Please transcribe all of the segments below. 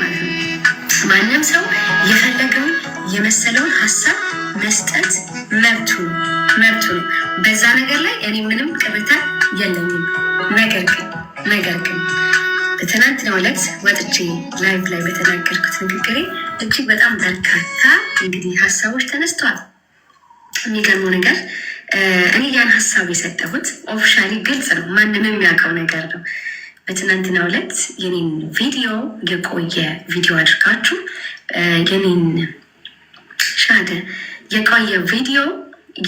ማለት ነው። ማንም ሰው የፈለገውን የመሰለውን ሀሳብ መስጠት መብቱ መብቱ ነው። በዛ ነገር ላይ እኔ ምንም ቅሬታ የለኝም። ነገር ግን ነገር ግን በትናንትናው ዕለት ወጥቼ ላይቭ ላይ በተናገርኩት ንግግሬ እጅግ በጣም በርካታ እንግዲህ ሀሳቦች ተነስተዋል። የሚገርመው ነገር እኔ ያን ሀሳብ የሰጠሁት ኦፊሻሊ ግልጽ ነው፣ ማንም የሚያውቀው ነገር ነው። በትናንትናው ዕለት የኔን ቪዲዮ የቆየ ቪዲዮ አድርጋችሁ የኔን ሻደ የቆየ ቪዲዮ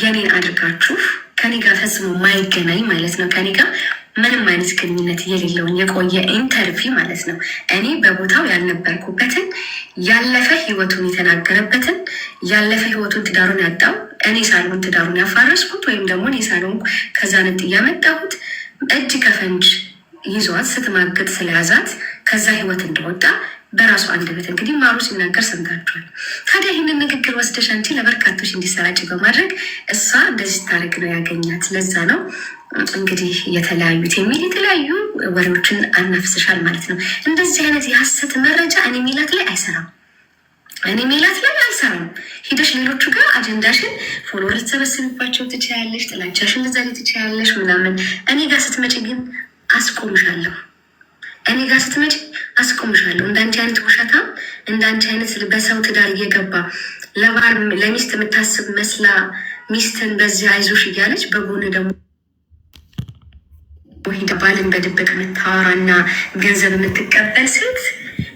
የኔን አድርጋችሁ ከኔ ጋር ፈጽሞ ማይገናኝ ማለት ነው። ከኔ ጋር ምንም አይነት ግንኙነት የሌለውን የቆየ ኢንተርቪው ማለት ነው። እኔ በቦታው ያልነበርኩበትን ያለፈ ህይወቱን የተናገረበትን ያለፈ ህይወቱን ትዳሩን ያጣው እኔ ሳልሆን ትዳሩን ያፋረስኩት ወይም ደግሞ እኔ ሳልሆን ከዛ ነጥ እያመጣሁት እጅ ከፈንጅ ይዟት ስትማገጥ ስለያዛት ከዛ ህይወት እንደወጣ በራሱ አንደበት እንግዲህ ማሩ ሲናገር ሰምታችኋል። ታዲያ ይህንን ንግግር ወስደሽ አንቺ ለበርካቶች እንዲሰራጭ በማድረግ እሷ እንደዚህ ስታደርግ ነው ያገኛት። ለዛ ነው እንግዲህ የተለያዩት የሚል የተለያዩ ወሬዎችን አናፍስሻል ማለት ነው። እንደዚህ አይነት የሀሰት መረጃ እኔ ሚላት ላይ አይሰራም። እኔ ሜላት ላይ አልሰራም። ሂደሽ ሌሎቹ ጋር አጀንዳሽን ፎሎ ልትሰበስብባቸው ትችያለሽ፣ ጥላቻሽን ልትዘሪ ትችያለሽ ምናምን። እኔ ጋር ስትመጪ ግን አስቆምሻለሁ፣ እኔ ጋር ስትመጪ አስቆምሻለሁ። እንዳንቺ አይነት ውሸታም፣ እንዳንቺ አይነት በሰው ትዳር እየገባ ለባር ለሚስት የምታስብ መስላ ሚስትን በዚህ አይዞሽ እያለች በጎን ደግሞ ወይ ባልን በድብቅ የምታወራና ገንዘብ የምትቀበል ሴት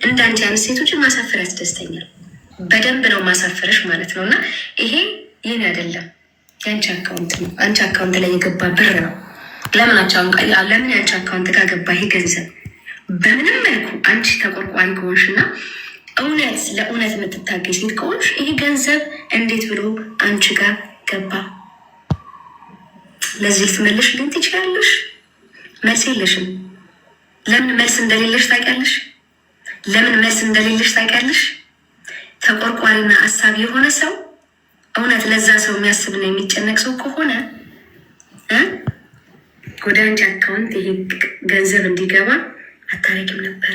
እንዳንቺ አይነት ሴቶችን ማሳፈር ያስደስተኛል። በደንብ ነው ማሳፈረሽ ማለት ነው። እና ይሄ ይህን አይደለም የአንቺ አካውንት ነው። አንቺ አካውንት ላይ የገባ ብር ነው። ለምን አንቻውን ለምን ያንቺ አካውንት ጋር ገባ ይሄ ገንዘብ? በምንም መልኩ አንቺ ተቆርቋሪ ከሆንሽ እና እውነት ለእውነት የምትታገኝ ሴት ከሆንሽ ይሄ ገንዘብ እንዴት ብሎ አንቺ ጋር ገባ? ለዚህ ልትመልሽ ግን ትችላለሽ። መልስ የለሽም። ለምን መልስ እንደሌለሽ ታውቂያለሽ። ለምን መልስ እንደሌለሽ ታውቂያለሽ። ተቆርቋሪና አሳቢ የሆነ ሰው እውነት ለዛ ሰው የሚያስብና የሚጨነቅ ሰው ከሆነ ወደ አንቺ አካውንት ይሄ ገንዘብ እንዲገባ አታረጊም ነበረ።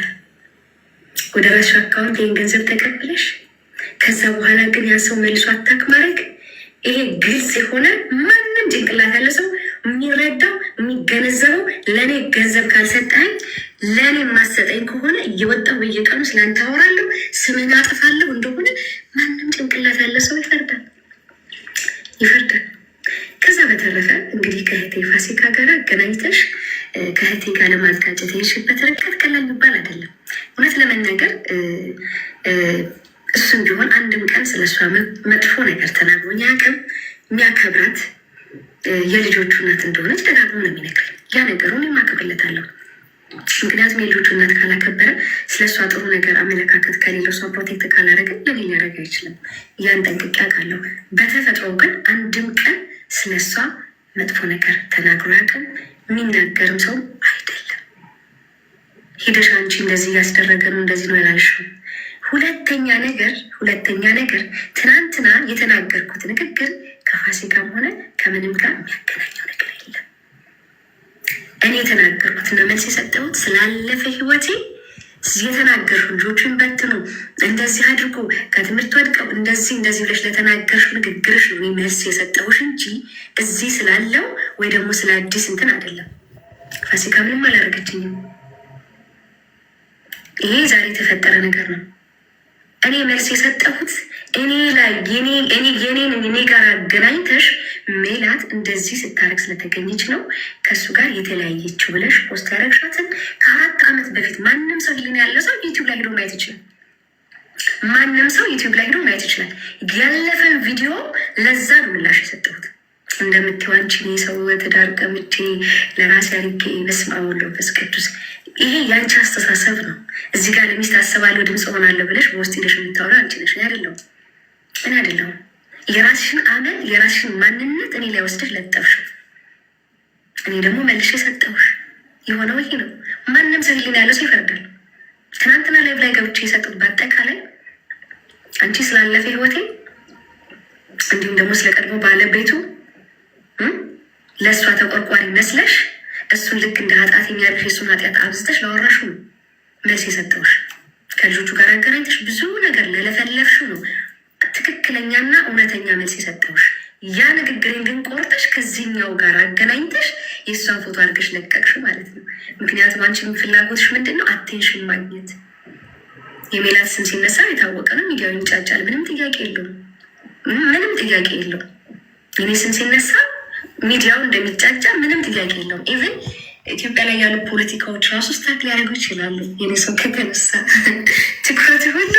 ወደ ራሱ አካውንት ይህን ገንዘብ ተቀብለሽ ከዛ በኋላ ግን ያ ሰው መልሶ አታክ ማድረግ ይሄ ግልጽ የሆነ ማንም ጭንቅላት ያለ ሰው የሚረዳው የሚገነዘበው ለእኔ ገንዘብ ካልሰጠኝ ለእኔ ማሰጠኝ ከሆነ እየወጣሁ በየቀኑ ስለአንተ አወራለሁ፣ ስምን አጥፋለሁ እንደሆነ ማንም ጭንቅላት ያለ ሰው ይፈርዳል ይፈርዳል። ከህቴ ፋሲካ ጋር አገናኝተሽ ከህቴ ጋር ለማጋጨት የሄድሽበት ርቀት ቀላል የሚባል አይደለም። እውነት ለመናገር እሱም ቢሆን አንድም ቀን ስለሷ መጥፎ ነገር ተናግሮኝ አያውቅም። የሚያከብራት የልጆቹ እናት እንደሆነች ደጋግሞ ነው የሚነግረኝ። ያ ነገሩ ነገሩን የማከብለታለሁ። ምክንያቱም የልጆቹ እናት ካላከበረ ስለሷ ጥሩ ነገር አመለካከት ከሌለው ሰው ፕሮቴክት ካላደረገ ለኔ ሊያደርግ አይችልም። ያን ጠንቅቄ አውቃለሁ። በተፈጥሮ ግን አንድም ቀን ስለሷ መጥፎ ነገር ተናግሮ ያቅም የሚናገርም ሰው አይደለም። ሄደሽ አንቺ እንደዚህ እያስደረገ ነው እንደዚህ ነው ያላልሽው። ሁለተኛ ነገር ሁለተኛ ነገር ትናንትና የተናገርኩት ንግግር ከፋሲካም ሆነ ከምንም ጋር የሚያገናኘው ነገር የለም። እኔ የተናገርኩትና መልስ የሰጠሁት ስላለፈ ህይወቴ የተናገርሹ ልጆችን በትኑ እንደዚህ አድርጎ ከትምህርት ወድቀው እንደዚህ እንደዚህ ብለሽ ለተናገርሽ ንግግርሽ ነው መልስ የሰጠውሽ እንጂ እዚህ ስላለው ወይ ደግሞ ስለ አዲስ እንትን አይደለም። ፋሲካ ምንም አላደረገችኝም። ይሄ ዛሬ የተፈጠረ ነገር ነው። እኔ መልስ የሰጠሁት እኔ ላይ የኔን እኔ ጋር አገናኝተሽ ሜላት እንደዚህ ስታረግ ስለተገኘች ነው ከእሱ ጋር የተለያየችው ብለሽ ፖስት ያረግሻትን ከአራት ዓመት በፊት ማንም ሰው ይህን ያለ ሰው ዩቲዩብ ላይ ሄዶ ማየት ይችላል። ማንም ሰው ዩቲዩብ ላይ ሄዶ ማየት ይችላል። ያለፈን ቪዲዮ ለዛ ነው ምላሽ የሰጠሁት። እንደምትዋንችን የሰው ትዳር ቀምቼ ለራሴ አድርጌ በስመ አብ ወወልድ ወመንፈስ ቅዱስ ይሄ የአንቺ አስተሳሰብ ነው። እዚህ ጋር ለሚስት አስባለሁ ድምፅ ሆናለሁ ብለሽ በውስጥ ሄደሽ የምታወራ አንቺ ነሽ። እኔ አይደለሁም እኔ አይደለሁም። የራስሽን አመል የራስሽን ማንነት እኔ ላይ ወስደሽ ለጠፍሽው፣ እኔ ደግሞ መልሼ ሰጠሁሽ። የሆነው ይሄ ነው። ማንም ሰው ያለው ሰው ይፈርዳል። ትናንትና ላይ ላይ ገብቼ የሰጡት በአጠቃላይ አንቺ ስላለፈ ህይወቴ እንዲሁም ደግሞ ስለቀድሞ ባለቤቱ ለእሷ ተቆርቋሪ መስለሽ እሱን ልክ እንደ ኃጢአት የሚያልፍ የሱን ኃጢአት አብዝተሽ ለወራሹ ነው መልስ የሰጠውሽ። ከልጆቹ ጋር አገናኝተሽ ብዙ ነገር ለለፈለፍሽው ነው ትክክለኛና እውነተኛ መልስ የሰጠውሽ። ያ ንግግሬን ግን ቆርጠሽ ከዚህኛው ጋር አገናኝተሽ የእሷን ፎቶ አድርገሽ ለቀቅሽ ማለት ነው። ምክንያቱም አንቺን ፍላጎትሽ ምንድን ነው? አቴንሽን ማግኘት። የሜላት ስም ሲነሳ የታወቀ ነው። ሚዲያው ይንጫጫል። ምንም ጥያቄ የለውም። ምንም ጥያቄ የለውም። የኔ ስም ሲነሳ ሚዲያው እንደሚጫጫ ምንም ጥያቄ የለውም። ኢቨን ኢትዮጵያ ላይ ያሉ ፖለቲካዎች ራሱ ስታክ ሊያደርጉ ይችላሉ። የኔ ሰው ከተነሳ ትኩረት ሁሉ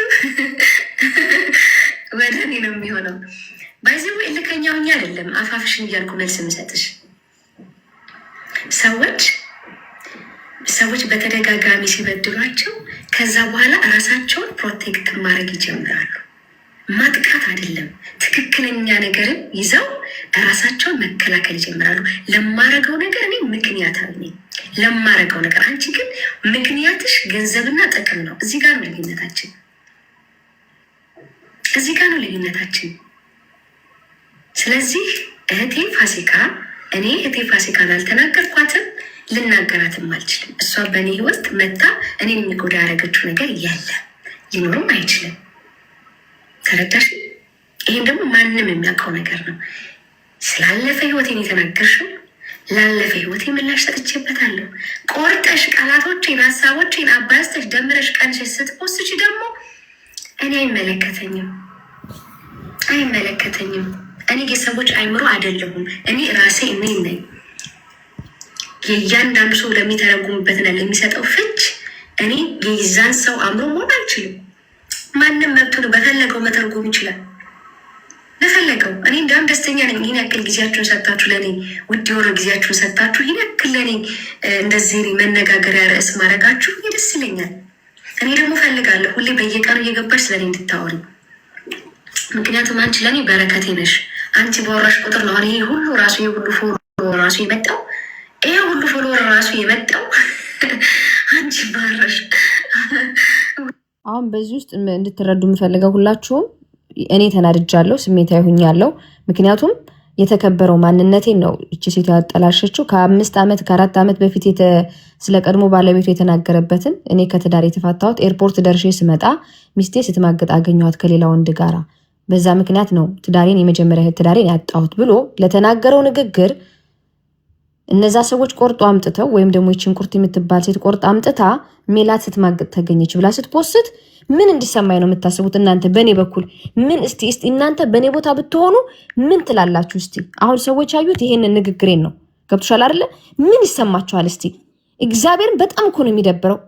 ወደ እኔ ነው የሚሆነው። ባይዚው ልከኛ ሆኜ አይደለም አፋፍሽን እያልኩ መልስ የምሰጥሽ ሰዎች ሰዎች በተደጋጋሚ ሲበድሏቸው ከዛ በኋላ ራሳቸውን ፕሮቴክት ማድረግ ይጀምራሉ። ማጥቃት አይደለም። ትክክለኛ ነገርን ይዘው ራሳቸውን መከላከል ይጀምራሉ። ለማረገው ነገር እኔ ምክንያታዊ ነኝ ለማረገው ነገር፣ አንቺ ግን ምክንያትሽ ገንዘብና ጥቅም ነው። እዚህ ጋር ነው ልዩነታችን፣ እዚህ ጋር ነው ልዩነታችን። ስለዚህ እህቴ ፋሲካ እኔ እህቴ ፋሲካን አልተናገርኳትም፣ ልናገራትም አልችልም። እሷ በእኔ ህይወት መታ እኔን የሚጎዳ ያደረገችው ነገር ያለ ሊኖርም አይችልም። ተረዳሽ? ይህም ደግሞ ማንም የሚያውቀው ነገር ነው። ስላለፈ ህይወቴን የተናገርሽው ላለፈ ህይወቴ ምላሽ ሰጥቼበታለሁ። ቆርጠሽ ቃላቶችን፣ ሀሳቦችን አባስተሽ ደምረሽ ቀንሽ ስትወስጂ ደግሞ እኔ አይመለከተኝም አይመለከተኝም። እኔ የሰዎች አይምሮ አይደለሁም። እኔ ራሴ እኔ ነኝ። የእያንዳንዱ ሰው ለሚተረጉምበትና ለሚሰጠው ፍች እኔ የይዛን ሰው አእምሮ መሆን አልችልም። ማንም መብቱን በፈለገው መተርጎም ይችላል ለፈለገው። እኔ እንዳም ደስተኛ ነኝ። ይህን ያክል ጊዜያችሁን ሰጥታችሁ ለእኔ ውድ የሆነ ጊዜያችሁን ሰጥታችሁ ይህን ያክል ለእኔ እንደዚህ መነጋገሪያ ርዕስ ማድረጋችሁ ደስ ይለኛል። እኔ ደግሞ ፈልጋለሁ ሁሌ በየቀኑ እየገባች ስለእኔ እንድታወሪ፣ ምክንያቱም አንቺ ለእኔ በረከቴ ነሽ። አንቺ በወራሽ ቁጥር ነው ይሄ ሁሉ ራሱ ይሄ ሁሉ ፎሎ ራሱ የመጣው ይሄ ሁሉ ፎሎወር ራሱ የመጣው አሁን በዚህ ውስጥ እንድትረዱ የምፈልገው ሁላችሁም እኔ ተናድጃለሁ፣ ስሜታዊ ሆኛለሁ። ምክንያቱም የተከበረው ማንነቴን ነው እቺ ሴት ያጠላሸችው። ከአምስት ዓመት ከአራት ዓመት በፊት ስለ ቀድሞ ባለቤቱ የተናገረበትን እኔ ከትዳር የተፋታሁት ኤርፖርት ደርሼ ስመጣ ሚስቴ ስትማገጥ አገኘኋት ከሌላ ወንድ ጋራ፣ በዛ ምክንያት ነው ትዳሬን የመጀመሪያ ትዳሬን ያጣሁት ብሎ ለተናገረው ንግግር እነዛ ሰዎች ቆርጦ አምጥተው ወይም ደግሞ ይችን ቁርት የምትባል ሴት ቆርጣ አምጥታ ሜላት ስትማግጥ ተገኘች ብላ ስትፖስት ምን እንዲሰማኝ ነው የምታስቡት? እናንተ በእኔ በኩል ምን እስቲ እስቲ እናንተ በእኔ ቦታ ብትሆኑ ምን ትላላችሁ? እስቲ አሁን ሰዎች ያዩት ይሄንን ንግግሬን ነው። ገብቶሻል አይደለ? ምን ይሰማችኋል? እስቲ እግዚአብሔርን በጣም እኮ ነው የሚደብረው።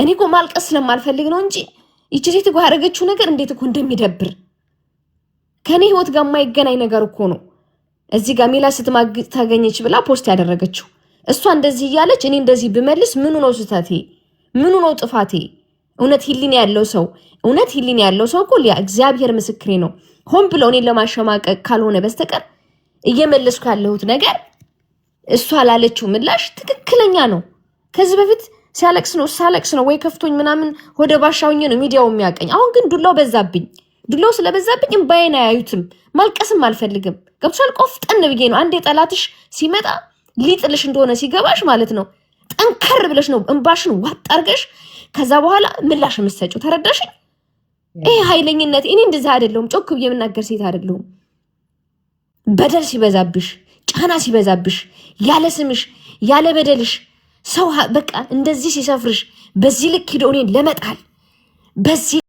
እኔ እኮ ማልቀስ ስለማልፈልግ ነው እንጂ ይቺ ሴት ያደረገችው ነገር እንዴት እኮ እንደሚደብር ከእኔ ህይወት ጋር የማይገናኝ ነገር እኮ ነው። እዚህ ጋር ሚላ ስትማግጥ ታገኘች ብላ ፖስት ያደረገችው እሷ እንደዚህ እያለች እኔ እንደዚህ ብመልስ ምኑ ነው ስህተቴ? ምኑ ነው ጥፋቴ? እውነት ሂሊን ያለው ሰው እውነት ሂሊን ያለው ሰው እኮ እግዚአብሔር ምስክሬ ነው። ሆን ብለው እኔን ለማሸማቀቅ ካልሆነ በስተቀር እየመለስኩ ያለሁት ነገር እሷ ላለችው ምላሽ ትክክለኛ ነው። ከዚህ በፊት ሲያለቅስ ነው ሳለቅስ ነው ወይ ከፍቶኝ ምናምን ወደ ባሻውኝ ነው ሚዲያው የሚያቀኝ። አሁን ግን ዱላው በዛብኝ። ድሎ ስለበዛብኝ እምባዬን አያዩትም። ማልቀስም አልፈልግም። ገብቶሻል? ቆፍጠን ብዬ ነው። አንዴ ጠላትሽ ሲመጣ ሊጥልሽ እንደሆነ ሲገባሽ ማለት ነው ጠንከር ብለሽ ነው እምባሽን ዋጥ አርገሽ ከዛ በኋላ ምላሽ የምትሰጪው። ተረዳሽኝ? ይሄ ኃይለኝነት እኔ እንደዚህ አይደለሁም። ጮክ ብዬ የምናገር ሴት አይደለሁም። በደል ሲበዛብሽ፣ ጫና ሲበዛብሽ፣ ያለ ስምሽ ያለ በደልሽ ሰው በቃ እንደዚህ ሲሰፍርሽ፣ በዚህ ልክ ሂዶ እኔን ለመጣል በዚህ